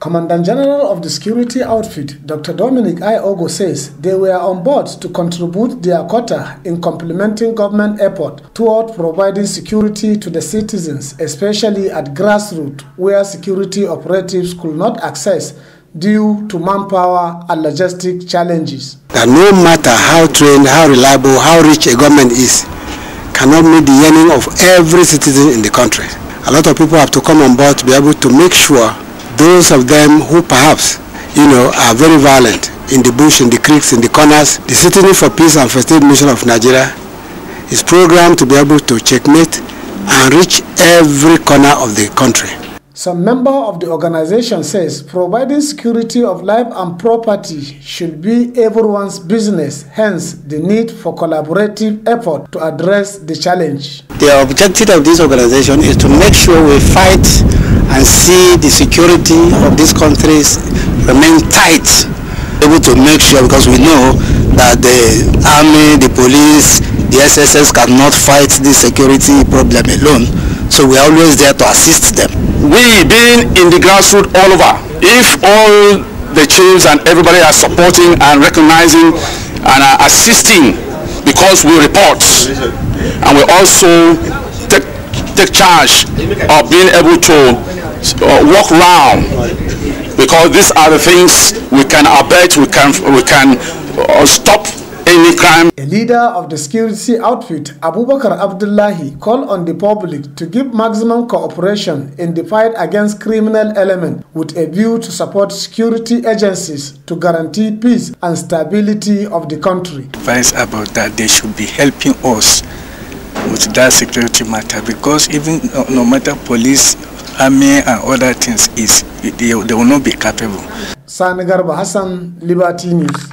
Commandant General of the security outfit, Dr. Dominic I. Ogo says they were on board to contribute their quota in complementing government effort toward providing security to the citizens, especially at grassroots where security operatives could not access due to manpower and logistic challenges. That no matter how trained, how reliable, how rich a government is, cannot meet the yearning of every citizen in the country. A lot of people have to come on board to be able to make sure those of them who perhaps, you know, are very violent in the bush, in the creeks, in the corners. The Citizen for Peace and First Aid Mission of Nigeria is programmed to be able to checkmate and reach every corner of the country. Some member of the organization says providing security of life and property should be everyone's business, hence the need for collaborative effort to address the challenge. The objective of this organization is to make sure we fight and see the security of these countries remain tight, able to make sure because we know that the army, the police, the SSS cannot fight this security problem alone. So we are always there to assist them. We being in the grassroots all over, if all the chiefs and everybody are supporting and recognizing and are assisting because we report and we also take, take charge of being able to uh, walk round because these are the things we can abet, we can, we can uh, stop any crime. A leader of the security outfit, Abubakar Abdullahi, called on the public to give maximum cooperation in the fight against criminal element with a view to support security agencies to guarantee peace and stability of the country. Advice about that they should be helping us with that security matter because even uh, no matter police army and other things is they, they will not be capable. Sani Garba Hassan, Liberty News.